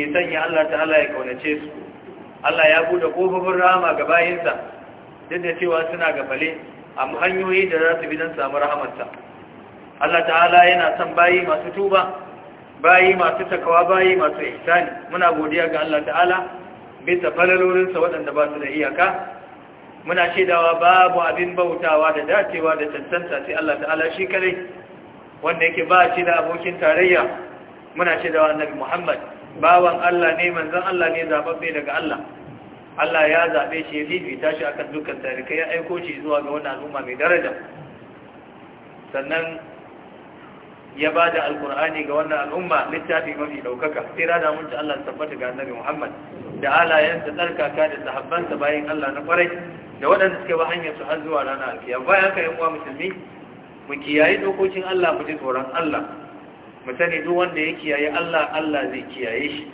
ke sanya Allah ta'ala ya kaunace su Allah ya bude kofofin rahama ga bayinsa duk da cewa suna gafale amma hanyoyi da za su bi don samu rahamarsa Allah ta'ala yana son bayi masu tuba bayi masu takawa bayi masu ihsani muna godiya ga Allah ta'ala bisa falalorinsa waɗanda ba su da iyaka muna shaidawa babu abin bautawa da dacewa da cancanta sai Allah ta'ala shi kare wanda yake ba shi da abokin tarayya muna shaidawa annabi Muhammad bawan Allah ne manzan Allah ne zaɓaɓɓe daga Allah Allah ya zaɓe shi ya fifita shi akan dukkan tarikai ya aiko shi zuwa ga wani al'umma mai daraja sannan ya ba da alkur'ani ga wannan al'umma littafi mafi ɗaukaka. sai da mun ci Allah tabbata ga annabi Muhammad da alayansa tsarkaka da sahabbansa bayan Allah na kwarai da waɗanda suke ba hanyar su har zuwa ranar alkiyama bayan haka yan musulmi mu kiyaye dokokin Allah mu ji tsoron Allah mu sani duk wanda ya kiyaye Allah Allah zai kiyaye shi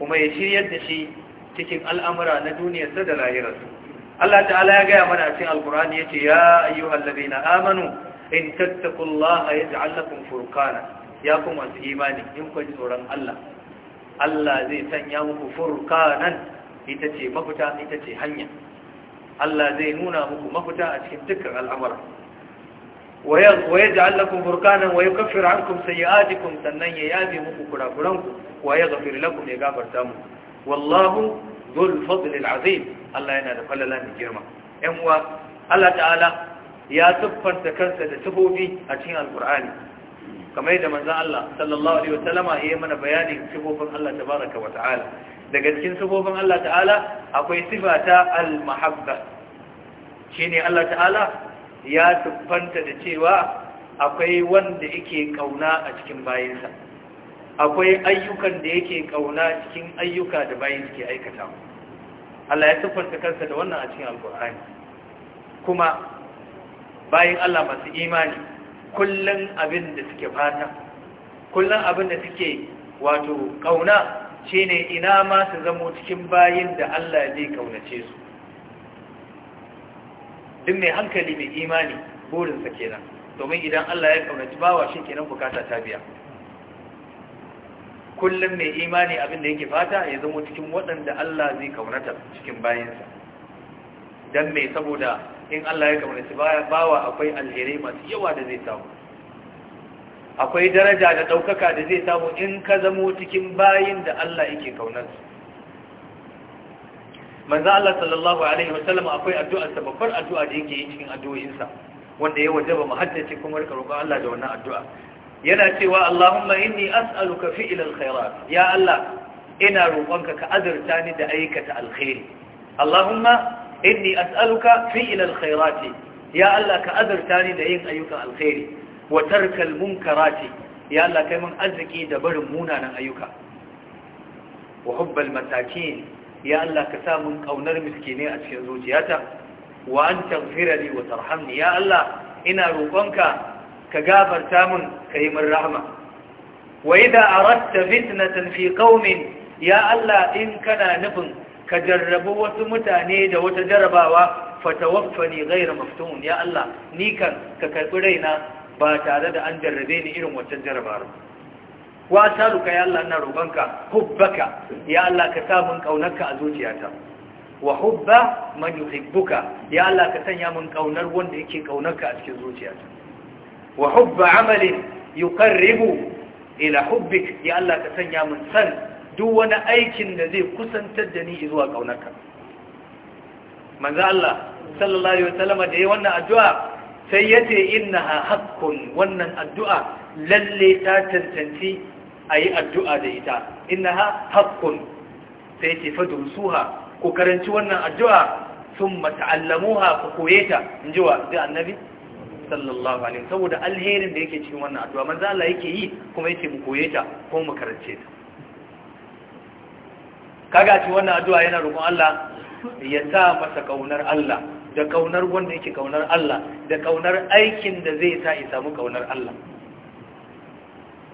kuma ya shiryar da shi cikin al'amura na duniyarsa da lahirarsa Allah ta'ala ya gaya mana a cikin alkurani ya ce ya ayyuhal ladina amanu in tattaqullaha yaj'al lakum furkana, ya kuma su imani in ku tsoron Allah Allah zai sanya muku furqanan ita ce mafita ita ce hanya Allah zai nuna muku mafita a cikin dukkan al'amura waye da allakun burkana waye kafin rahankun sai ya aji kun sannan ya yabe muku kurakuranku waye zafi rilakun ya gafarta mu wallahu dole fadilin azim allah yana da falalan da girma yanwa allah ta'ala ya tuffanta kansa da tuhobi a cikin alkur'ani kamar yadda manzan allah sallallahu alaihi wasallama ya mana bayanin tuhobin allah ta baraka wa ta'ala daga cikin tuhobin allah ta'ala akwai sifa ta al-mahabba shine allah ta'ala ya siffanta da cewa akwai wanda yake kauna a cikin bayansa akwai ayyukan da yake kauna cikin ayyuka da bayan suke aikata Allah ya tuffanta kansa da wannan a cikin alkur'ani kuma bayan Allah masu imani kullum abin da suke fata kullum abin da suke wato kauna shine ina ma su zamo cikin bayin da Allah zai kaunace su duk mai hankali mai imani burinsa kenan domin idan Allah ya kaunaci bawa shi kenan bukata ta biya kullum mai imani abin da yake fata ya zama cikin waɗanda Allah zai kaunata cikin bayansa don mai saboda in Allah ya kaunaci bawa akwai alherai masu yawa da zai samu akwai daraja da ɗaukaka da zai samu in ka zamo cikin bayin da Allah yake kaunarsu manzo Allah sallallahu alaihi wasallam akwai addu'ar sa babbar addu'a da yake yi cikin addu'o'insa wanda ya wajaba mu kuma rika roƙon Allah da wannan addu'a yana cewa Allahumma inni as'aluka fi fi'l alkhairat ya Allah ina roƙonka ka azurta ni da aikata alkhairi Allahumma inni as'aluka fi fi'l alkhairati ya Allah ka azurta ni da yin ayyukan alkhairi wa tarkal munkarati ya Allah kai mun arziki da barin munanan ayyuka wa hubbal matakin. ya Allah ka sa mun kaunar miskine a cikin zuciyata wa an taghfira li wa tarhamni ya Allah ina roƙonka ka gafarta mun ka yi min rahma wa idza aradta fitnatan fi qaumin ya Allah in kana nufin ka jarrabu wasu mutane da wata jarabawa fatawaffani ghayra maftun ya Allah ni kan ka karbi raina ba tare da an jarrabe ni irin wancan jarabawar wa ta ruka ya Allah ina roƙonka hubbaka ya Allah ka sa mun kaunarka a zuciyata wa hubba man yuhibbuka ya Allah ka sanya mun kaunar wanda yake kaunarka a cikin zuciyata wa hubba amalin yuqarribu ila hubbik ya Allah ka sanya mun san duk wani aikin da zai kusantar da ni zuwa kaunarka manzo Allah sallallahu alaihi wasallam da yayin wannan addu'a sai yace innaha haqqun wannan addu'a lalle ta tantance a yi addu'a da ita inna ha haƙƙun sai ce fadun suha ko karanci wannan addu'a sun mata'allamuha ku koye ta in ji wa zai annabi sallallahu alaihi saboda alherin da yake cikin wannan addu'a man za'ala yake yi kuma yake mu koye ta ko mu karance ta kaga ci wannan addu'a yana rukun Allah ya sa masa kaunar Allah da kaunar wanda yake kaunar Allah da kaunar aikin da zai sa ya samu kaunar Allah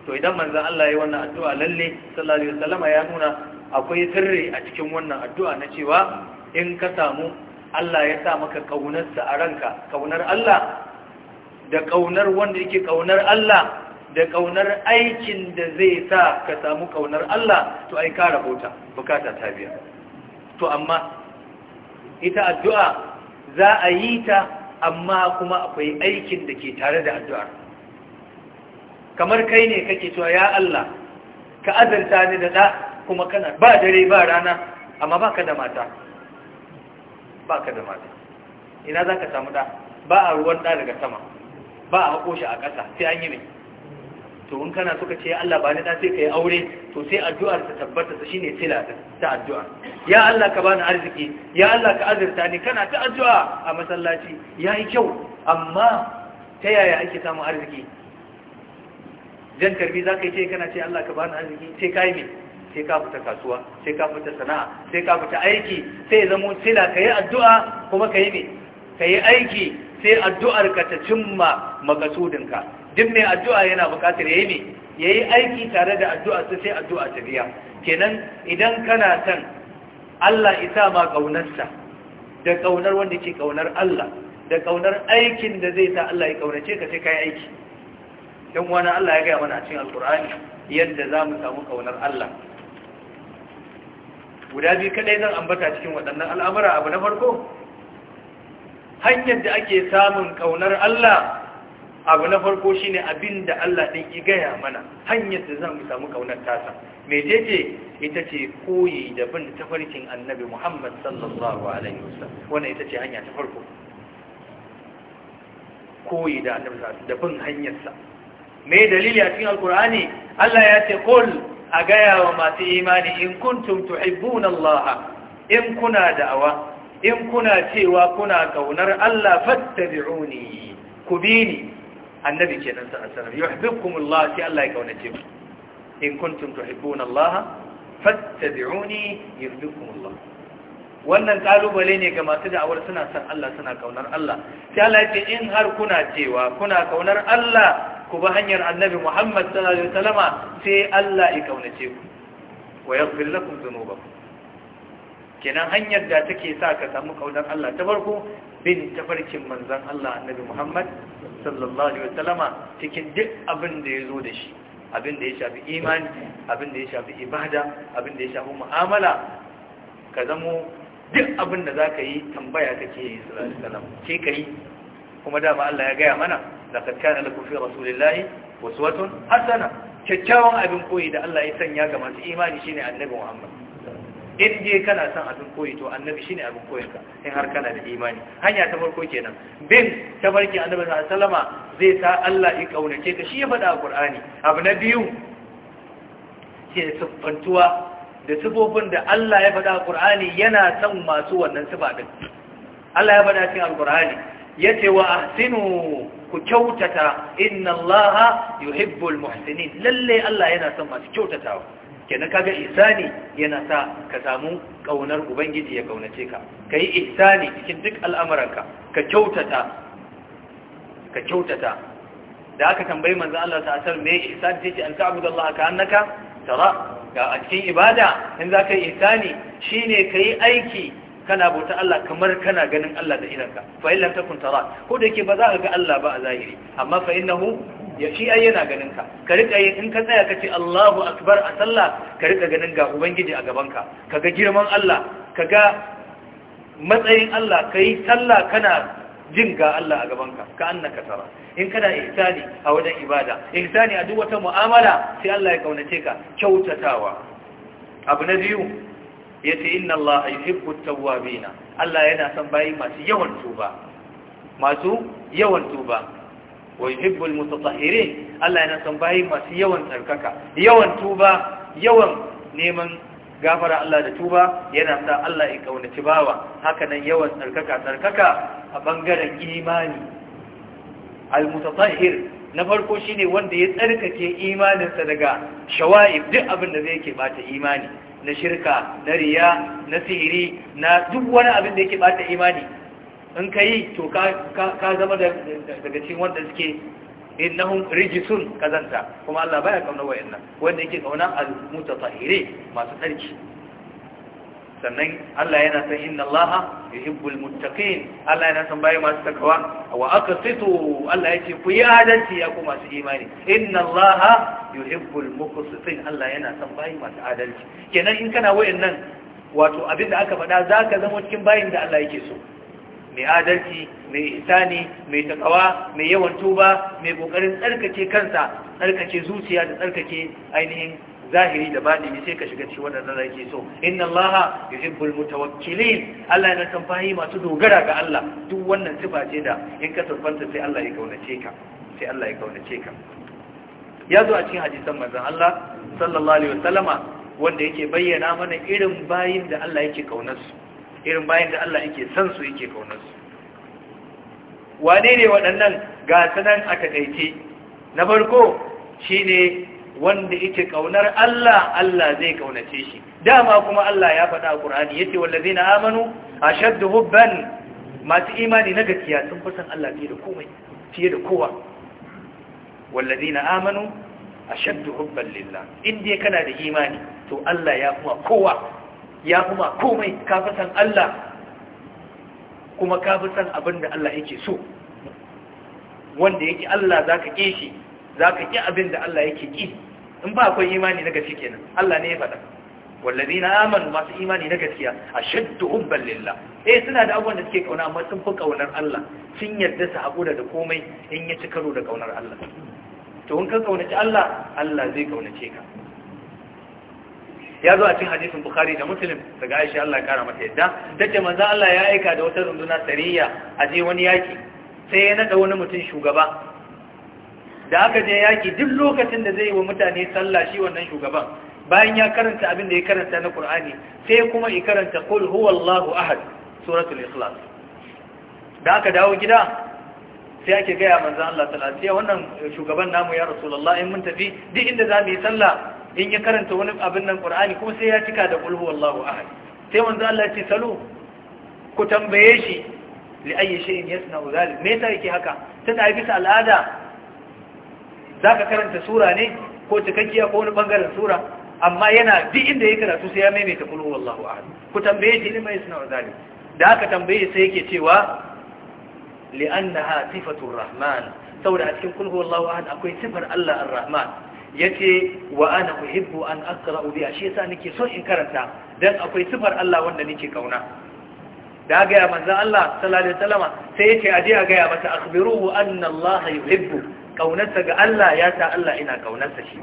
to idan manzan Allah ya wannan addu'a lalle sallallahu alaihi wasallama ya nuna akwai sirri a cikin wannan addu'a na cewa in ka samu Allah ya sa maka kaunarsa a ranka kaunar Allah da kaunar wanda yake kaunar Allah da kaunar aikin da zai sa ka samu kaunar Allah to ai ka rahota bukata ta biya to amma ita addu'a za a yi ta amma kuma akwai aikin da ke tare da addu'ar kamar kai ne kake cewa ya Allah ka azanta ni da da kuma kana ba dare ba rana amma ba ka da mata ba ka da mata ina za ka samu da? ba a ruwan da daga sama ba a hako shi a ƙasa sai an yi mai to in kana suka ce Allah ba ni da sai kai aure to sai addu'ar ta tabbata ta shine sila ta addu'a ya Allah ka bani arziki ya Allah ka azurta ni kana ta addu'a a masallaci yayi kyau amma ta yaya ake samun arziki jan karbi za ka yi ce kana ce Allah ka bani arziki sai ka yi mai sai ka fita kasuwa sai ka fita sana'a sai ka fita aiki sai ya zama sila ka yi addu'a kuma ka yi mai ka yi aiki sai addu'ar ka ta cimma makasudinka duk mai addu'a yana bukatar ya yi mai ya yi aiki tare da addu'a sai addu'a ta biya kenan idan kana son Allah isa ma ƙaunarsa da ƙaunar wanda ke ƙaunar Allah da ƙaunar aikin da zai sa Allah ya ƙaunace ka sai ka yi aiki yan wani Allah ya gaya mana a cikin alkur'ani yadda za mu samu kaunar Allah guda biyu kadai zan ambata cikin waɗannan al'amura abu na farko hanyar da ake samun kaunar Allah abu na farko ne abin da Allah ɗin gaya mana hanyar da za mu samu kaunar tasa mecece ita ce koyi da bin tafarkin annabi Muhammad sallallahu alaihi wasa wannan ita ce hanya ta farko koyi da annabi da bin hanyarsa me dalili a cikin alkur'ani Allah ya ce qul a gaya wa masu imani in kuntum tuhibbuna Allah in kuna da'awa in kuna cewa kuna kaunar Allah fattabi'uni ku bi ni annabi kenan sallallahu alaihi wasallam yuhibbukumullah sai Allah ya kaunace ku in kuntum tuhibbuna Allah fattabi'uni yuhibbukumullah wannan kalubale ne ga masu da'awar suna san Allah suna kaunar Allah sai Allah ya ce in har kuna cewa kuna kaunar Allah ku bi hanyar annabi Muhammad sallallahu alaihi wasallama sai Allah ya kaunace ku wa yaghfir lakum dhunubakum kenan hanyar da take sa ka samu kaunar Allah ta farko bin tafarkin manzon Allah annabi Muhammad sallallahu alaihi wasallama cikin duk abin da ya zo da shi abin da ya shafi imani abin da ya shafi ibada abin da ya shafi mu'amala ka zamo duk abin da za ka yi tambaya kake yi sallallahu alaihi wasallam ke ka yi kuma dama Allah ya gaya mana laqad kana lakum fi rasulillahi uswatun hasana kyakkyawan abin koyi da Allah ya sanya ga masu imani shine annabi Muhammad in je kana son abin koyi to annabi shine abin koyinka in har kana da imani hanya ta farko kenan bin tabarki annabi sallallahu alaihi wasallama zai sa Allah ya kaunace ka shi ya faɗa a Qur'ani abu na biyu ke siffantuwa da sifofin da Allah ya faɗa a Qur'ani yana son masu wannan sifa din Allah ya faɗa cikin Al-Qur'ani yace wa ahsinu ku kyautata inna allaha yuhibbul muhsinin lalle Allah yana son masu kyautatawa kenan kaga ihsani yana sa ka samu kaunar ubangiji ya kaunace ka kai ihsani cikin duk al'amuranka ka kyautata ka kyautata da aka tambayi manzon Allah ta asar me ihsani take an ta'budu Allah ka annaka tara ga a cikin ibada in za ka yi ihsani shine kai aiki kana bauta Allah kamar kana ganin Allah da idanka fa in takun tara ko da yake ba za ka ga Allah ba a zahiri amma fa innahu ya shi ai yana ganin ka ka rika yin in ka tsaya ka ce Allahu akbar a sallah ka rika ganin ga ubangiji a gaban ka ga girman Allah ka ga matsayin Allah kai sallah kana jin ga Allah a gabanka ka annaka tara in kana ihsani a wajen ibada ihsani a duk wata mu'amala sai Allah ya kaunace ka kyautatawa abu na biyu yace inna allaha yuhibbu at-tawwabin Allah yana son bayi masu yawan tuba masu yawan tuba wa yuhibbu al-mutatahhirin Allah yana son bayi masu yawan tsarkaka yawan tuba yawan neman gafara Allah da tuba yana sa Allah ya kaunaci bawa haka nan yawan tsarkaka tsarkaka a bangaren imani al-mutatahhir na farko shi ne wanda ya tsarkake imaninsa daga shawa'ib duk abin da zai ke bata imani na shirka na riya na sihiri na duk wani abin da yake bata imani in ka yi to ka zama daga cikin wanda suke innahum rijisun kazanta kuma Allah baya kauna wayannan wanda yake kauna al-mutatahhirin masu tsarki sannan Allah yana san inna Allah yuhibbul muttaqin Allah yana san bayi masu takawa wa aqsitu Allah yake ku yi adalci ya ku masu imani inna Allah yuhibbul Allah yana san bayi masu adalci kenan in kana nan wato abin da aka faɗa zaka zama cikin bayin da Allah yake so mai adalci mai isani mai takawa mai yawan tuba mai ƙoƙarin tsarkake kansa tsarkake zuciya da tsarkake ainihin zahiri da ne sai ka shiga cikin waɗannan yake so inna allaha yuhibbul mutawakkilin Allah yana san fahi masu dogara ga Allah duk wannan sifa ce da in ka tabbata sai Allah ya kaunace ka sai Allah ya kaunace ka ya zo a cikin hadisan manzon Allah sallallahu alaihi wasallama wanda yake bayyana mana irin bayin da Allah yake kaunar su irin bayin da Allah yake san su yake kaunar su wane ne waɗannan ga sanan aka takaice na farko shine wanda yake kaunar Allah Allah zai kaunace shi dama kuma Allah ya faɗa a Qur'ani yace wallazina amanu ashaddu hubban masu imani na gaskiya sun fi san Allah fiye da komai fiye da kowa wallazina amanu ashaddu hubban lillah indai kana da imani to Allah ya kuma kowa ya kuma komai ka fi san Allah kuma ka fi san abin da Allah yake so wanda yake Allah zaka kishi za ka ƙi abin da Allah yake ƙi in ba akwai imani na gaske kenan Allah ne ya faɗa wallazi na amanu masu imani na gaskiya a shaddu hubban lillah eh suna da abubuwan da suke kauna amma sun fi kaunar Allah sun yarda su haƙura da komai in ya ci karo da kaunar Allah to in ka kaunaci Allah Allah zai kaunace ka ya zo a cikin hadisin bukhari da muslim daga aisha Allah ya kara mata yadda tace manzo Allah ya aika da wata runduna sariya a je wani yaki sai ya nada wani mutum shugaba da aka je yaƙi duk lokacin da zai yi wa mutane sallah shi wannan shugaban bayan ya karanta abin da ya karanta na Qur'ani sai kuma ya karanta qul huwallahu ahad suratul ikhlas da aka dawo gida sai ake gaya manzan Allah sallallahu alaihi wannan shugaban namu ya rasulullah in mun tafi duk inda zamu yi sallah in ya karanta wani abin nan Qur'ani kuma sai ya cika da qul huwallahu ahad sai manzan Allah ya ce salu ku tambaye shi li ayyi shay'in yasna'u dhalik me yasa yake haka tana bisa al'ada za ka karanta sura ne ko cikakkiya ko wani bangaren sura amma yana duk inda ya karatu sai ya maimaita kulhu wallahu ahad ku tambaye shi mai suna zari da aka tambaye sai yake cewa li'annaha sifatur rahman saboda a cikin kulhu wallahu ahad akwai sifar Allah ar-rahman yace wa ana uhibbu an aqra'u bi shi yasa nake so in karanta dan akwai sifar Allah wanda nake kauna da gaya manzo Allah sallallahu alaihi wasallam sai yace aje a gaya mata akhbiruhu anna Allah yuhibbu kaunarsa ga Allah ya ta Allah ina kaunarsa shi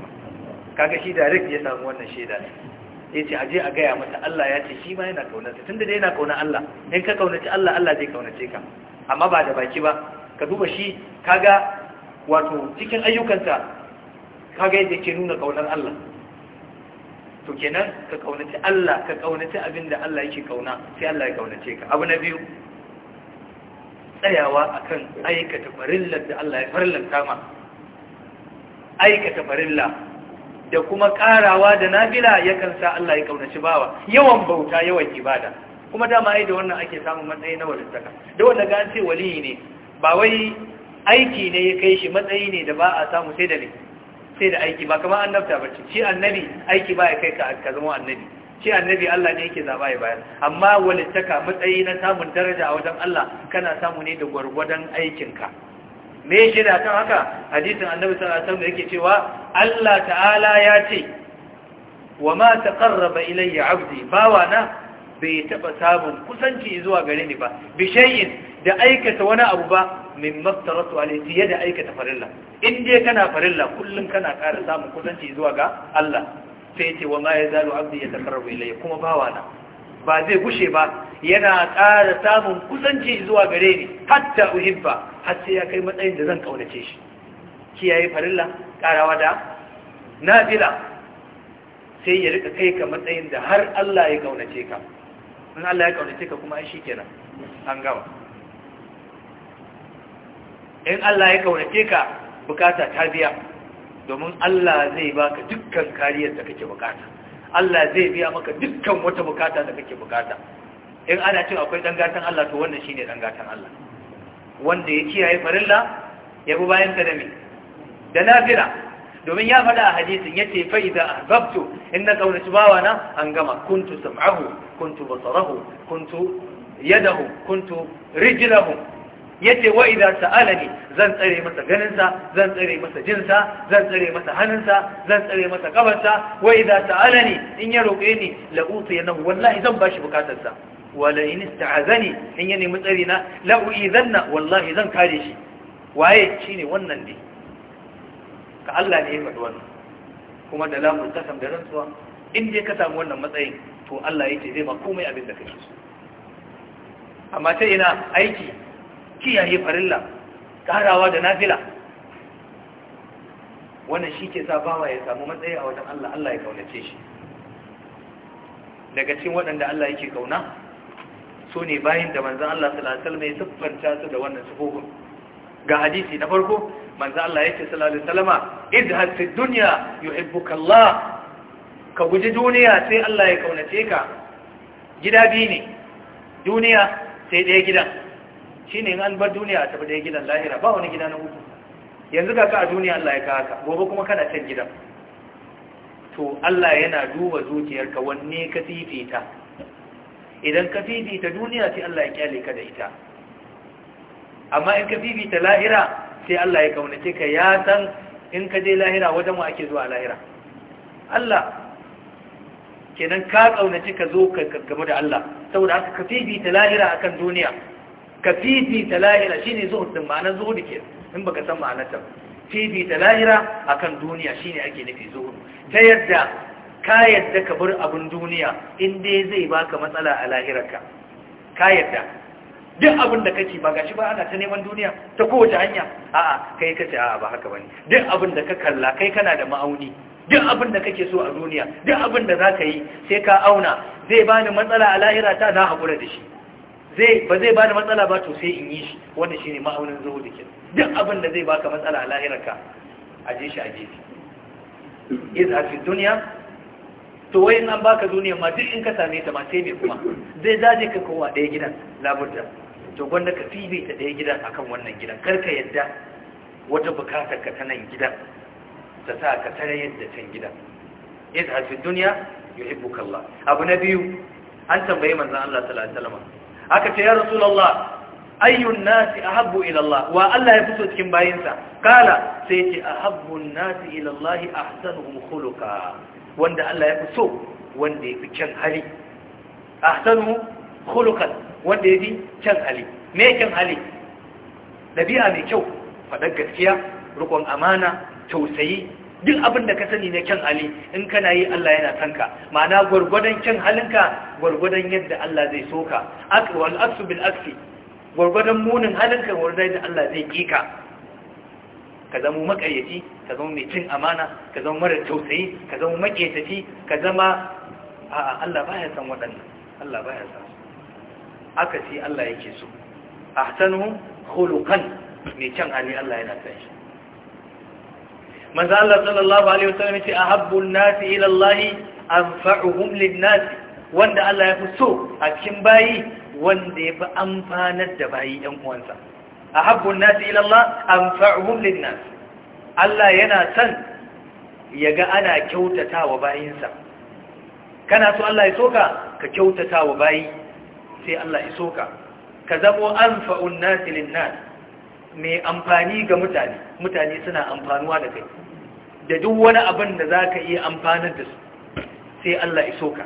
kaga shi direct ya samu wannan sheda yace aje a gaya mata Allah ya ce shi ma yana kaunarsa tunda dai yana kauna Allah in ka kaunaci Allah Allah zai kaunace ka amma ba da baki ba ka duba shi kaga wato cikin ayyukansa kaga yadda ke nuna kaunar Allah to kenan ka kaunaci Allah ka kaunaci abin da Allah yake kauna sai Allah ya kaunace ka abu na biyu tsayawa akan aikata farillar da Allah ya farillanta ma aikata farilla da kuma karawa da nafila yakan sa Allah ya kaunaci bawa yawan bauta yawan ibada kuma dama ai da wannan ake samun matsayi na walittaka da wanda ga an ce wali ne ba wai aiki ne ya kai shi matsayi ne da ba a samu sai da ne sai da aiki ba kamar annabta ba ce shi annabi aiki ba ya kai ka ka zama annabi shi annabi Allah ne yake zaba ya bayar amma walittaka matsayi na samun daraja a wajen Allah kana samu ne da gwargwadon aikinka me shi da kan haka hadisin annabi sallallahu alaihi wasallam yake cewa Allah ta'ala ya ce wa ma taqarraba ilayya 'abdi bawana bai taba sabon kusanci zuwa gare ni ba bi shay'in da aikata wani abu ba min maftaratu alai fiye da aikata farilla in dai kana farilla kullum kana ƙara samun kusanci zuwa ga Allah sai yace wa ma yazalu abdi yatakarrabu ilayya kuma bawa na ba zai gushe ba yana ƙara samun kusanci zuwa gare ni hatta uhibba har sai ya kai matsayin da zan kaunace shi kiyaye farilla ƙarawa da nafila sai ya rika kai ka matsayin da har Allah ya kaunace ka in Allah ya kaunace ka kuma ai shikenan an gaba. in Allah ya kaunace ka bukata ta biya domin Allah zai baka dukkan kariyar da kake bukata Allah zai biya maka dukkan wata bukata da kake bukata in ana cin akwai dangatan Allah to wannan shine dangatan Allah wanda ya kiyaye farilla ya bi bayan ta da me da nafila domin ya faɗa a hadisin yace fa idza ahbabtu inna qawla bawana an gama kuntu sam'ahu kuntu basarahu kuntu yadahu kuntu rijlahu yace wa idza sa'alani zan tsare masa ganinsa zan tsare masa jinsa zan tsare masa hannunsa zan tsare masa kabarsa wa idza sa'alani in ya roƙe ni la utiyanahu wallahi zan bashi bukatarsa wala in ista'azani in ya nemi tsari na la uizanna wallahi zan kare shi waye shine wannan ne ka Allah ne ya faɗi wannan kuma da lamun kasam da rantsuwa in dai ka samu wannan matsayin to Allah yake zai ma komai abin da kake so amma ta ina aiki kiyaye farilla karawa da nafila wannan shi ke sa bawa ya samu matsayi a wajen Allah Allah ya kaunace shi daga cikin waɗanda Allah yake kauna so ne bayin da manzan Allah salatar mai siffanta su da wannan sufofin ga hadisi na farko manzan Allah yake salatar salama izhar fi duniya yuhibbukallah ka guji duniya sai Allah ya kaunace ka gida biyu ne duniya sai ɗaya gidan shi in an bar duniya a tafi da gidan lahira ba wani gida na uku. yanzu ga ka a duniya Allah ya ka haka gobe kuma kana can gidan to Allah yana duba zuciyarka wanne ka fifita idan ka fifita duniya sai Allah ya kyale ka da ita amma in ka fifita lahira sai Allah ya kaunace ka ya san in ka je lahira wajen mu ake zuwa lahira Allah kenan ka kaunace ka zo ka game da Allah saboda haka ka fifita lahira akan duniya ka fifita lahira shine zuhud din ma'anar zuhud ke in baka san ma'anar ta fifita lahira akan duniya shine ake nufi zuhud ta yadda ka yadda ka bar abin duniya in dai zai baka matsala a lahirarka ka yadda duk abin da kake ba gashi ba ana ta neman duniya ta kowace hanya a'a kai kace a'a ba haka bane duk abin da ka kalla kai kana da ma'auni duk abin da kake so a duniya duk abin da zaka yi sai ka auna zai bani matsala a lahira ta na hakura da shi zai ba zai bada matsala ba to sai in yi shi wannan shine ma'aunin zuhudi kin duk abin da zai baka matsala a lahirarka a je shi a gefe iz a fi duniya to wai in an baka duniya ma duk in ka same ta ma sai me kuma zai daje ka kowa daya gidan laburda to gwanda ka fibe ta daya gidan akan wannan gidan kar ka yadda wata bukatar ka ta nan gidan ta sa ka tare yadda can gidan iz a fi duniya yuhibbuka Allah abu na biyu an tambaye manzon Allah sallallahu alaihi wasallam aka ce ya rasulullah ayyun nasi ahabbu ila Allah wa Allah ya fito cikin bayinsa kala sai yace ahabbu nasi ila Allah ahsanuhum khuluqa wanda Allah ya fito wanda yafi kyan hali ahsanu khuluqan wanda yafi kyan hali me kyan hali dabi'a mai kyau fadar gaskiya rukun amana tausayi duk abin da ka sani na kyan hali in kana yi Allah yana san ka ma'ana gwargwadon kyan halinka gwargwadon yadda Allah zai so ka wal aksu bil aksi gwargwadon munin halinka gwargwadon yadda Allah zai ki ka ka zama makayyaci ka zama mai cin amana ka zama mara tausayi ka zama makayyaci ka zama a'a Allah baya san waɗannan Allah baya san aka ce Allah yake so ahsanu khuluqan mai kyan hali Allah yana san shi manzo Allah sallallahu alaihi wasallam yace ahabbu an-nasi ila Allah anfa'uhum lin-nas wanda Allah ya fi so a cikin bayi wanda ya fi amfanar da bayi ɗan uwansa ahabbu an-nasi ila Allah anfa'uhum lin Allah yana son ya ga ana kyautatawa bayinsa kana so Allah ya soka ka kyautatawa bayi sai Allah ya soka ka zamo anfa'un nasi lin mai amfani ga mutane mutane suna amfanuwa da kai da duk wani abin da za ka iya amfanar da su sai Allah iso ka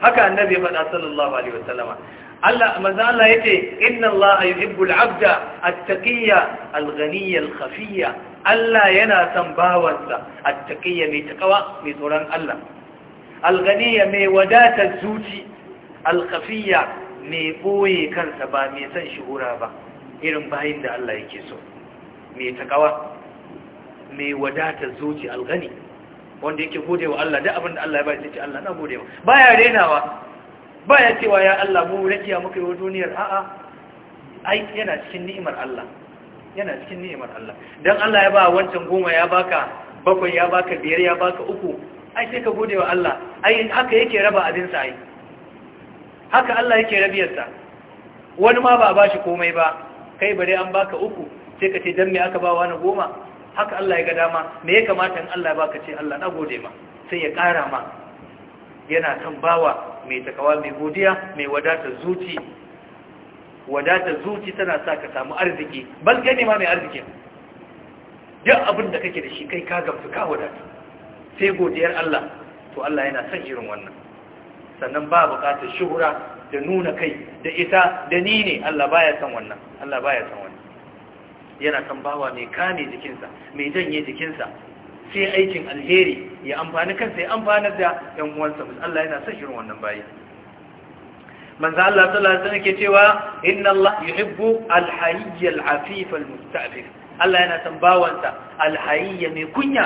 haka annabi ya faɗa sallallahu alaihi wasallama Allah manzo Allah ce, inna Allah yuhibbu al-'abda at-taqiyya al-ghaniyya al-khafiyya Allah yana son bawansa at-taqiyya mai takawa mai tsoron Allah al-ghaniyya mai wadata zuci al-khafiyya mai boye kansa ba mai son shuhura ba irin bayin da Allah yake so mai takawa mai wadata zuci algani wanda yake gode wa Allah da abin da Allah ya ba shi ce Allah na godewa baya renawa baya cewa ya Allah mu rakiya muka yi wa duniyar a'a ai yana cikin ni'imar Allah yana cikin ni'imar Allah dan Allah ya ba wancan goma ya baka bakwai ya baka biyar ya baka uku ai sai ka gode wa Allah ai haka yake raba abin sa ai haka Allah yake rabiyarsa wani ma ba a bashi komai ba kai bare an baka uku sai ka ce dan me aka ba na goma haka Allah ya ga dama me ya kamata in Allah baka ce Allah na gode ma sai ya ƙara ma yana kan bawa mai takawa mai godiya mai wadatar zuci wadatar zuci tana sa ka samu arziki bal gane ma mai arziki duk abin da kake da shi kai ka gamsu ka wadata sai godiyar Allah to Allah yana son irin wannan sannan ba buƙatar shuhura da nuna kai da ita da ni ne Allah baya san wannan Allah baya san wannan yana san bawa mai kame jikinsa mai janye jikinsa sai aikin alheri ya amfani kansa ya amfana da ɗan uwansa Allah yana son shirin wannan bayi manzo Allah sallallahu alaihi wasallam ke cewa inna Allah yuhibbu alhayy alafif almustafif Allah yana san bawansa alhayy mai kunya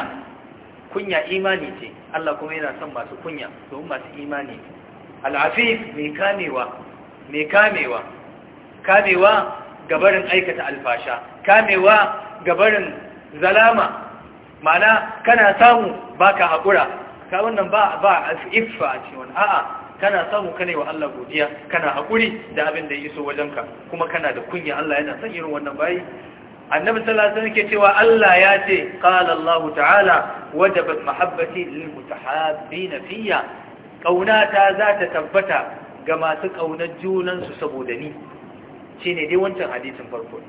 kunya imani ce Allah kuma yana son masu kunya domin masu imani ne al'afif mai kamewa mai kamewa kamewa gabarin aikata alfasha kamewa gabarin zalama mana kana samu baka haƙura ka wannan ba ba a cikin a'a kana samu kane wa Allah godiya kana haƙuri da abin da ya iso wajenka kuma kana da kunya Allah yana san irin wannan bayi annabi sallallahu alaihi wasallam ke cewa Allah ya ce qala Allah ta'ala wajabat mahabbati lil mutahabbin fiyya ƙaunata za ta tabbata ga masu ƙaunar junansu saboda ni shi ne dai wancan hadisin farko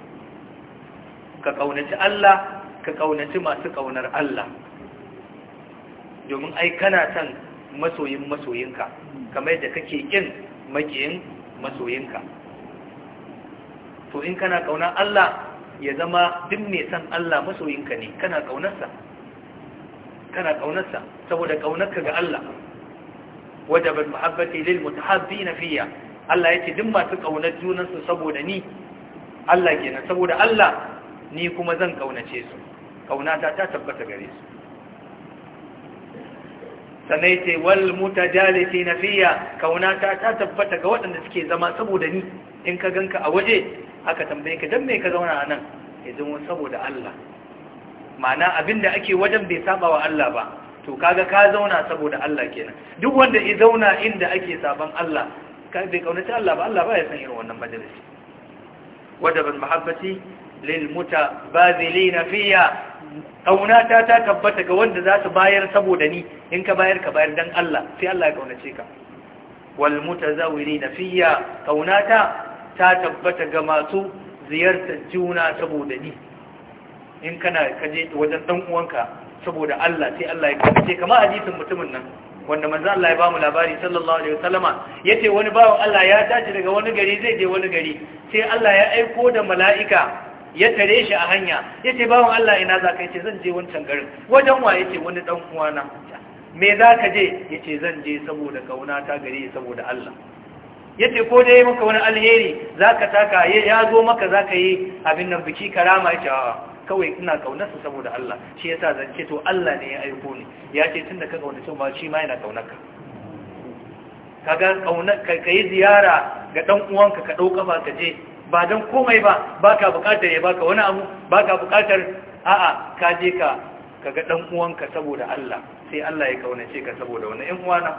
ka ƙaunaci Allah ka ƙaunaci masu ƙaunar Allah domin ai kana son masoyin masoyinka kamar da kake ƙin maƙiyin masoyinka to in kana ƙaunar Allah ya zama duk mai son Allah masoyinka ne kana ƙaunarsa kana ƙaunarsa saboda ƙaunarka ga Allah wajabat muhabbati lil mutahabbina fiyya Allah yace duk masu kaunar junan su saboda ni Allah kenan saboda Allah ni kuma zan kaunace su kaunata ta tabbata gare su sannan yace wal mutajalisina fiyya kaunata ta tabbata ga waɗanda suke zama saboda ni in ka ganka a waje aka tambaye ka dan me ka zauna a nan ya saboda Allah ma'ana abinda ake wajen bai saba wa Allah ba to kaga ka zauna saboda Allah kenan duk wanda ya zauna inda ake saban Allah kai bai kaunaci Allah ba Allah ba ya san irin wannan majalisi wadda mahabbati lil mutabazilina fiya kaunata ta tabbata ga wanda za su bayar saboda ni in ka bayar ka bayar dan Allah sai Allah ya kaunace ka wal mutazawirina fiya kaunata ta tabbata ga masu ziyartar juna saboda ni in kana kaje wajen dan uwanka saboda Allah sai Allah ya kace kamar hadisin mutumin nan wanda manzo Allah ya bamu labari sallallahu alaihi wasallama yace wani bawan Allah ya tashi daga wani gari zai je wani gari sai Allah ya aiko da mala'ika ya tare shi a hanya yace bawan Allah ina za ka yace zan je wancan garin wajen wa yace wani dan uwana me za ka je yace zan je saboda kauna ta gari saboda Allah yace ko dai maka wani alheri zaka taka ya zo maka zaka yi abin nan biki karama yace a'a kawai ina kaunarsa saboda Allah shi yasa zan ce to Allah ne ya aiko ni ya ce tunda ka kaunace ma shi ma yana kaunarka kaga kaunar ka kai ziyara ga dan uwanka ka dauka ba ka je ba dan komai ba baka bukatar ya baka wani abu baka bukatar a'a ka je ka kaga dan uwanka saboda Allah sai Allah ya kaunace ka saboda wani ɗan uwana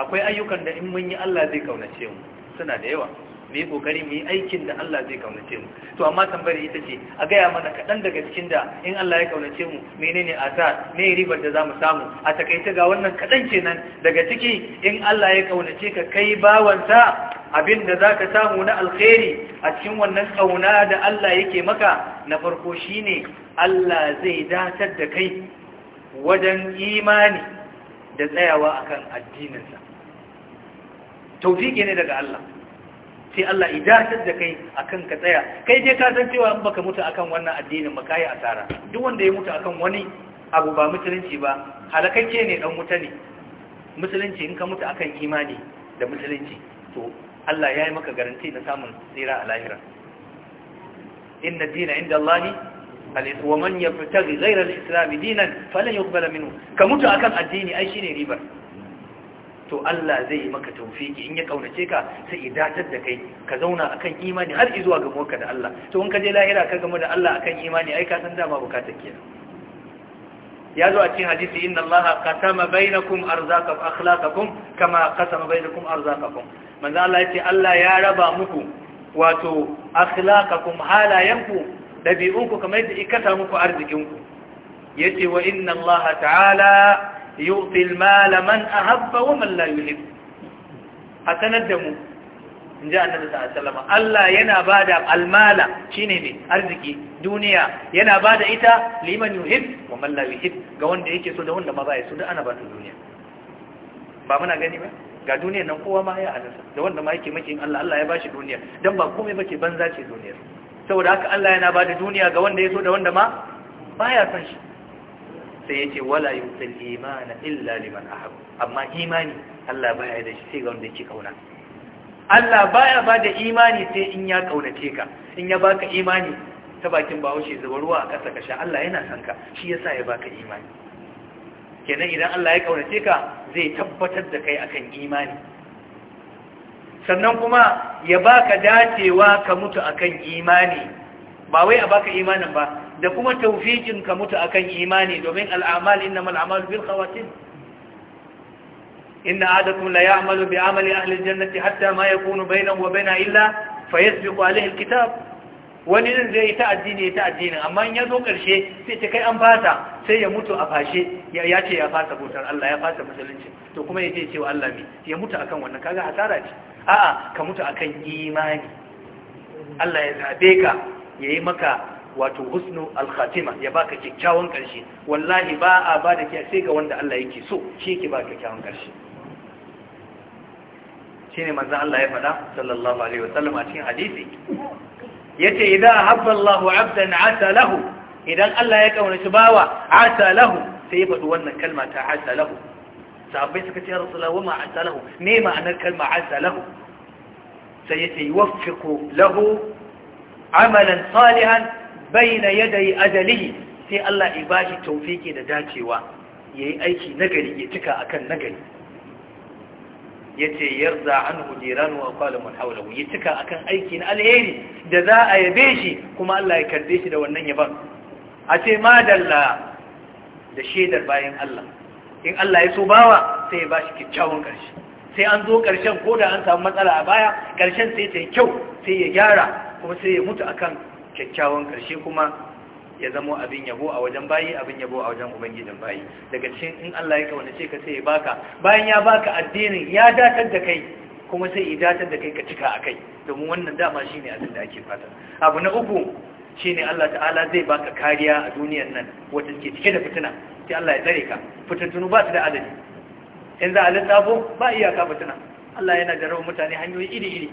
akwai ayyukan da in mun yi Allah zai kaunace mu suna da yawa mu yi kokari mu yi aikin da Allah zai kaunace mu to amma tambayar ita ce a gaya mana kaɗan daga cikin da in Allah ya kaunace mu menene a sa me ribar da za mu samu a takaice ga wannan kaɗan kenan daga ciki in Allah ya kaunace ka kai bawansa abin da ka samu na alkhairi a cikin wannan kauna da Allah yake maka na farko shine Allah zai datar da kai wajen imani da tsayawa akan addininsa tawfiki ne daga Allah sai Allah ya da kai akan ka tsaya kai je ka san cewa in baka mutu akan wannan addinin ba yi asara duk wanda ya mutu akan wani abu ba musulunci ba ke ne dan wuta ne musulunci in ka mutu akan imani da musulunci to Allah ya yi maka garanti na samun tsira a lahira inna dina inda Allah wa man yabtaghi ghayra al-islam dinan falan yuqbala minhu ka mutu akan addini ai shine ribar to Allah zai yi maka taufiki in ya kaunace ka sai ya datar da kai ka zauna akan imani har zuwa ga muka da Allah to in ka je lahira ka gamu da Allah akan imani ai ka san dama bukatar kenan ya zo a cikin hadisi inna Allah qasama bainakum arzaqakum akhlaqakum kama qasama bainakum arzaqakum manzo Allah yace Allah ya raba muku wato akhlaqakum halayanku dabi'unku kamar yadda ikasa muku arzikinku yace wa inna Allah ta'ala يؤتي المال من أهب ومن wa يهب la yuhib a sanar da mu in ji annabi sallallahu Allah yana bada almala shine ne arziki duniya yana bada ita liman yuhib wa man la yuhib ga wanda yake so da wanda ma ba ya so da ana ba duniya ba gani ga duniyar nan kowa ma ya halasa da wanda ma yake makin Allah Allah ya bashi duniya dan ba komai bace banza ce duniyar saboda haka Allah yana bada duniya ga wanda ya so da wanda ma baya son shi sai yace wala yusil imana illa liman ahab amma imani Allah baya da shi sai ga wanda yake kauna Allah baya ba da imani sai in ya kaunace ka in ya baka imani ta bakin bawo shi, zuba ruwa a ƙasa kasha Allah yana san ka shi yasa ya baka imani kenan idan Allah ya kaunace ka zai tabbatar da kai akan imani sannan kuma ya baka dacewa ka mutu akan imani ba wai a baka imanin ba da kuma taufikin ka mutu akan imani domin al'amal innamal a'malu bil khawatim inna ahadakum la ya'malu bi amali ahli aljannati hatta ma yakunu bainahu wa bainaha illa fayasbiqu alayhi alkitab wani din zai ta addini ta addini amma in yazo karshe sai ta kai an fasa sai ya mutu a fashe ya ce ya fasa bautar Allah ya fasa musulunci to kuma ce wa Allah me ya mutu akan wannan kaga hasara ce a'a ka mutu akan imani Allah ya zabe ka yayi maka wato husnu al-khatima ya baka kyakkyawan karshe wallahi ba a ba da sai ga wanda Allah yake so shi yake baka kyakkyawan karshe shine manzon Allah ya faɗa sallallahu alaihi wa wasallam a cikin hadisi yace idza habba Allahu 'abdan 'ata lahu idan Allah ya kaunaci bawa 'ata lahu sai ya faɗi wannan kalma ta 'ata lahu sahabbai suka ce ya rasulullahi wa ma 'ata lahu me ma'anar kalma 'ata lahu sai yace yuwaffiqu lahu amalan salihan bayna yadayi ajalihi sai Allah ya bashi tawfiki da dacewa yayi aiki nagari ya cika akan nagari yace yarda an jiranu wa qala man hawlahu ya cika akan aiki na alheri da za a yabe shi kuma Allah ya karbe shi da wannan yaban a ce madalla da shedar bayan Allah in Allah ya so bawa sai ya bashi kyakkyawan karshe sai an zo ƙarshen ko da an samu matsala a baya ƙarshen sai ya kyau sai ya gyara kuma sai ya mutu akan kyakkyawan karshe kuma ya zamo abin yabo a wajen bayi abin yabo a wajen ubangijin bayi daga cikin in Allah ya kaunace ka sai ya baka bayan ya baka addinin ya datar da kai kuma sai ya datar da kai ka cika a kai domin wannan dama shine abin da ake fata abu na uku shine Allah ta'ala zai baka kariya a duniyar nan wata take cike da fitina sai Allah ya tsare ka fitintunu ba su da adadi in za a lissafo ba iyaka fitina Allah yana rawar mutane hanyoyi iri-iri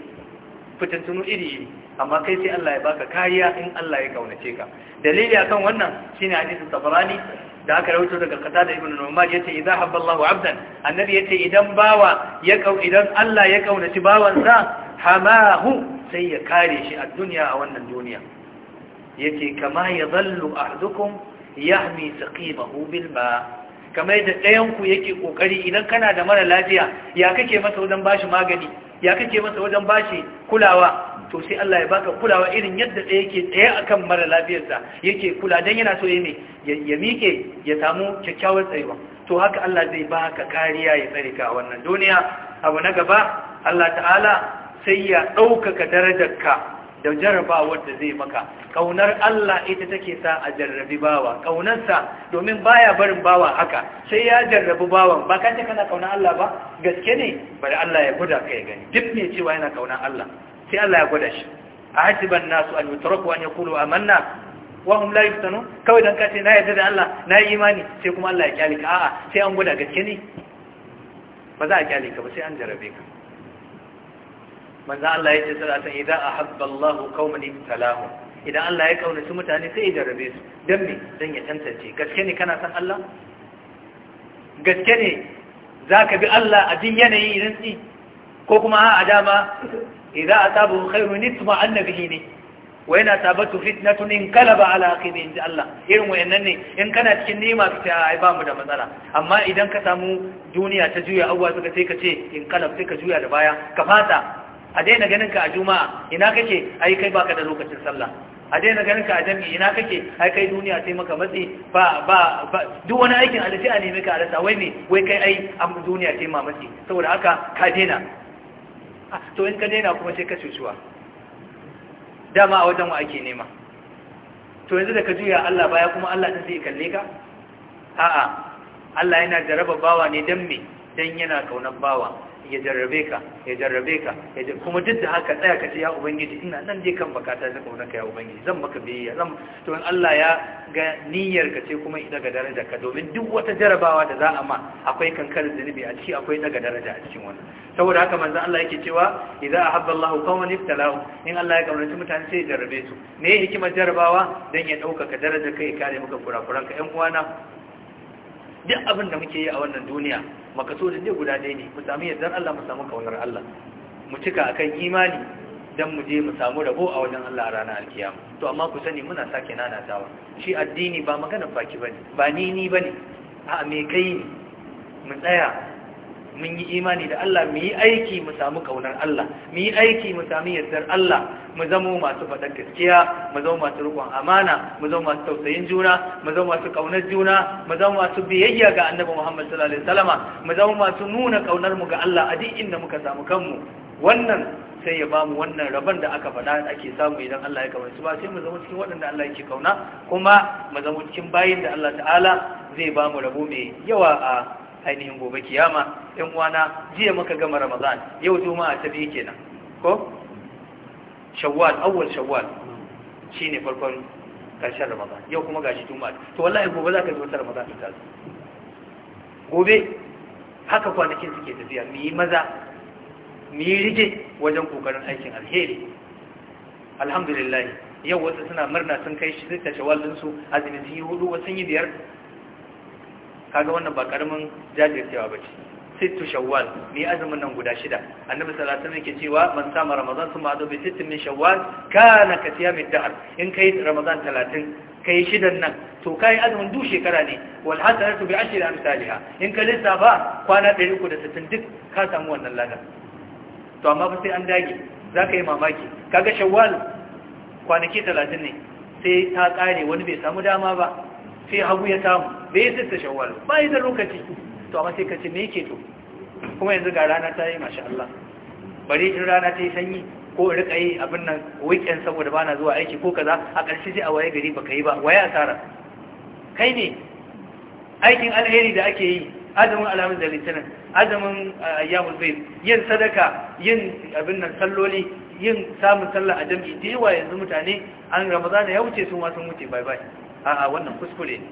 fitintunu iri-iri amma kai sai Allah ya baka kariya in Allah ya kaunace ka dalili akan wannan shine hadisin tabarani da aka rawaito daga qatada ibn nu'man yace idza habba 'abdan annabi yace idan bawa ya kau idan Allah ya kaunaci bawansa hamahu sai ya kare shi a duniya a wannan duniya yace kama yadhallu ahdukum yahmi saqimahu bil kamar da ɗayan ku yake kokari idan kana da mara lafiya ya kake masa wajen bashi magani ya kake masa wajen bashi kulawa to sai Allah ya baka kulawa irin yadda ɗaya yake tsaye akan mara lafiyarsa yake kula dan yana so ya ya miƙe ya samu kyakkyawar tsayuwa to haka Allah zai baka kariya ya tsare ka wannan duniya abu na gaba Allah ta'ala sai ya ɗaukaka darajarka da jarrabawar da zai maka kaunar Allah ita take sa a jarrabi bawa kaunarsa domin baya barin bawa haka sai ya jarrabi bawan ba ka kana kaunar Allah ba gaske ne bari Allah ya guda ka ya gani duk ne cewa yana kaunar Allah sai Allah ya gwada shi a hasiban nasu an yutraku an yaqulu amanna wa hum la yuftanu kawai dan kace na yarda da Allah na yi imani sai kuma Allah ya kyale ka a'a sai an gwada gaske ne ba za a kyale ka ba sai an jarabe ka manzo Allah ya ce sai san idan ahabba Allah qauman ibtalahu idan Allah ya kaunaci mutane sai ya jarabe su dan me dan ya tantance gaske ne kana san Allah gaske ne zaka bi Allah a din yanayi irin ko kuma a dama idza atabahu khairun itma annabihi ne wa yana tabatu fitnatun in kalaba ala aqibi inda Allah irin wayannan ne in kana cikin nima ta ai ba mu da matsala amma idan ka samu duniya ta juya abuwa suka sai ka ce in kalab sai ka juya da baya ka fata a daina ganin ka a juma'a ina kake ai kai baka da lokacin sallah a daina ganin ka a jami'i ina kake ai kai duniya sai maka matsi ba ba duk wani aikin alisi a nemi ka alasa wai ne wai kai ai duniya sai ma matsi saboda haka ka daina Ah, to in ka daina kuma sai ka cucuwa dama a wajen wa ake nema to yanzu da ka juya Allah baya kuma Allah din zai kalle ka a'a Allah yana jaraba bawa ne dan me dan yana kaunar bawa ya jarrabe ka ya jarrabe ka kuma duk da haka tsaya ka ce ya ubangiji ina nan dai kan bakata na kauna ka ya ubangiji zan maka biyayya zan to in Allah ya ga niyyar ka ce kuma ga daraja ka domin duk wata jarabawa da za a ma akwai kankar zunubi a ciki akwai daga daraja a cikin wannan saboda haka manzo Allah yake cewa idza ahabba Allahu qawman ibtalahu in Allah ya kaunaci mutane sai ya jarrabe su me hikimar jarabawa dan ya dauka ka daraja kai kare maka kurakuran ka ƴan uwana duk abin da muke yi a wannan duniya da dai guda ɗaya ne mu samu yardar Allah mu samu kaunar Allah mu cika akan imani dan mu je mu samu rabo a wajen Allah a ranar alkiyama to amma ku sani muna sake nanatawa shi addini ba maganar baki bane ba ni ni bane a me kai ne mu tsaya mun yi imani da Allah mu yi aiki mu samu kaunar Allah mu yi aiki mu samu yardar Allah mu zama masu faɗar gaskiya mu zama masu riƙon amana mu zama masu tausayin juna mu zama masu kaunar juna mu zama masu biyayya ga annabi Muhammad sallallahu alaihi wasallama mu zama masu nuna kaunar mu ga Allah a duk inda muka samu kanmu wannan sai ya bamu wannan rabon da aka faɗa ake samu idan Allah ya kaunaci ba sai mu zama cikin waɗanda Allah yake kauna kuma mu zama cikin bayin da Allah ta'ala zai bamu rabo mai yawa a ainihin gobe kiyama ɗan uwana jiya maka gama ramadan yau juma'a ta biyu kenan ko shawwal awwal shawwal shine farkon karshen ramadan yau kuma gashi juma'a to wallahi gobe za ka zo ta ramadan ta zo gobe haka kwanakin suke tafiya mu yi maza mu yi rige wajen kokarin aikin alheri alhamdulillah yau wasu suna murna sun kai shi ta shawalin su azumi sun yi hudu wasu yi biyar kaga wannan ba karamin jajircewa ba ce sittu shawwal ni azumin nan guda shida annabi sallallahu alaihi wasallam yake cewa man sama ramadan sun ma'azu bi sittin min shawwal kana ka min dahar in kai ramadan 30 kai shidan nan to kai azumin duk shekara ne wal hasanatu bi ashri amsalha in ka lissafa kwana 360 duk ka samu wannan ladan to amma fa sai an dage zaka yi mamaki kaga shawwal kwanaki 30 ne sai ta kare wani bai samu dama ba sai hagu ya samu bai sai ta Ba yi da lokaci to amma sai kacin me ke to kuma yanzu ga rana ta yi masha Allah Bari in rana ta yi sanyi ko rika yi abin nan weekend saboda ba na zuwa aiki ko kaza a ƙarshe sai a waye gari ba ka yi ba waye asara kai ne aikin alheri da ake yi azumin alamun da litinin azumin eh, ayyamul bayt yin sadaka yin abin nan salloli yin samun sallah a jami'i da yawa yanzu mutane an ramadana ya wuce sun wasan wuce bye bye a'a wannan kuskure ne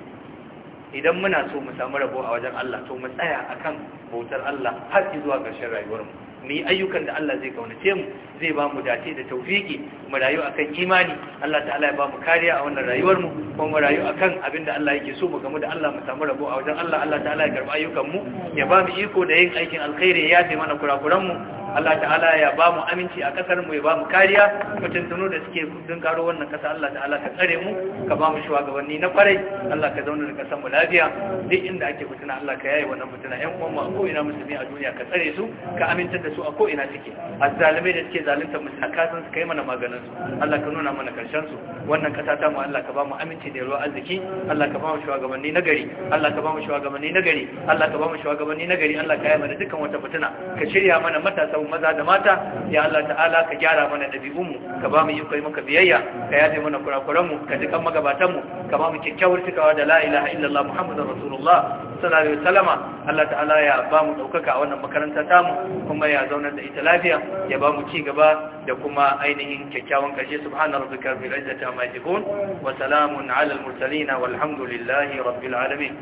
idan muna so mu samu rabo a wajen Allah to mu tsaya akan bautar Allah har zuwa ƙarshen rayuwarmu mu yi ayyukan da Allah zai kaunace mu zai ba mu dace da tawfiki mu rayu akan imani Allah ta'ala ya ba mu kariya a wannan rayuwar mu kuma mu rayu akan abin da Allah yake so mu gamu da Allah mu samu rabo a wajen Allah Allah ta'ala ya karɓi ayyukan mu ya ba mu iko da yin aikin alkhairi ya yafe mana kurakuran mu Allah ta'ala ya ba mu aminci a kasar mu ya ba mu kariya mutuntunu da suke dun karo wannan kasa Allah ta'ala ka tsare mu ka ba mu shugabanni na kwarai Allah ka zauna da kasar mu lafiya duk inda ake fitina Allah ka yayi wannan fitina ƴan uwan mu a ko ina musulmi a duniya ka tsare su ka amintar da su a ko ina suke azzalimai da suke zalunta musulmi ka san su kai mana maganin su Allah ka nuna mana karshen su wannan kasa ta mu Allah ka ba mu aminci da ruwa arziki Allah ka ba mu shugabanni na gari Allah ka ba mu shugabanni na gari Allah ka ba mu shugabanni na gari Allah ka yaye mana dukkan wata fitina ka shirya mana matasa mu maza da mata ya Allah ta'ala ka gyara mana ɗabi'unmu ka ba mu yi maka biyayya ka yaje mana kurakuranmu ka ji kan magabatanmu ka ba mu kyakkyawar cikawa da la ilaha illallah muhammadur rasulullah sallallahu alaihi Allah ta'ala ya ba mu ɗaukaka a wannan makaranta tamu kuma ya zaunar da ita lafiya ya ba mu ci gaba da kuma ainihin kyakkyawan ƙarshe subhana rabbika rabbil izzati amma yasifun wa salamun ala al mursalin walhamdulillahi rabbil alamin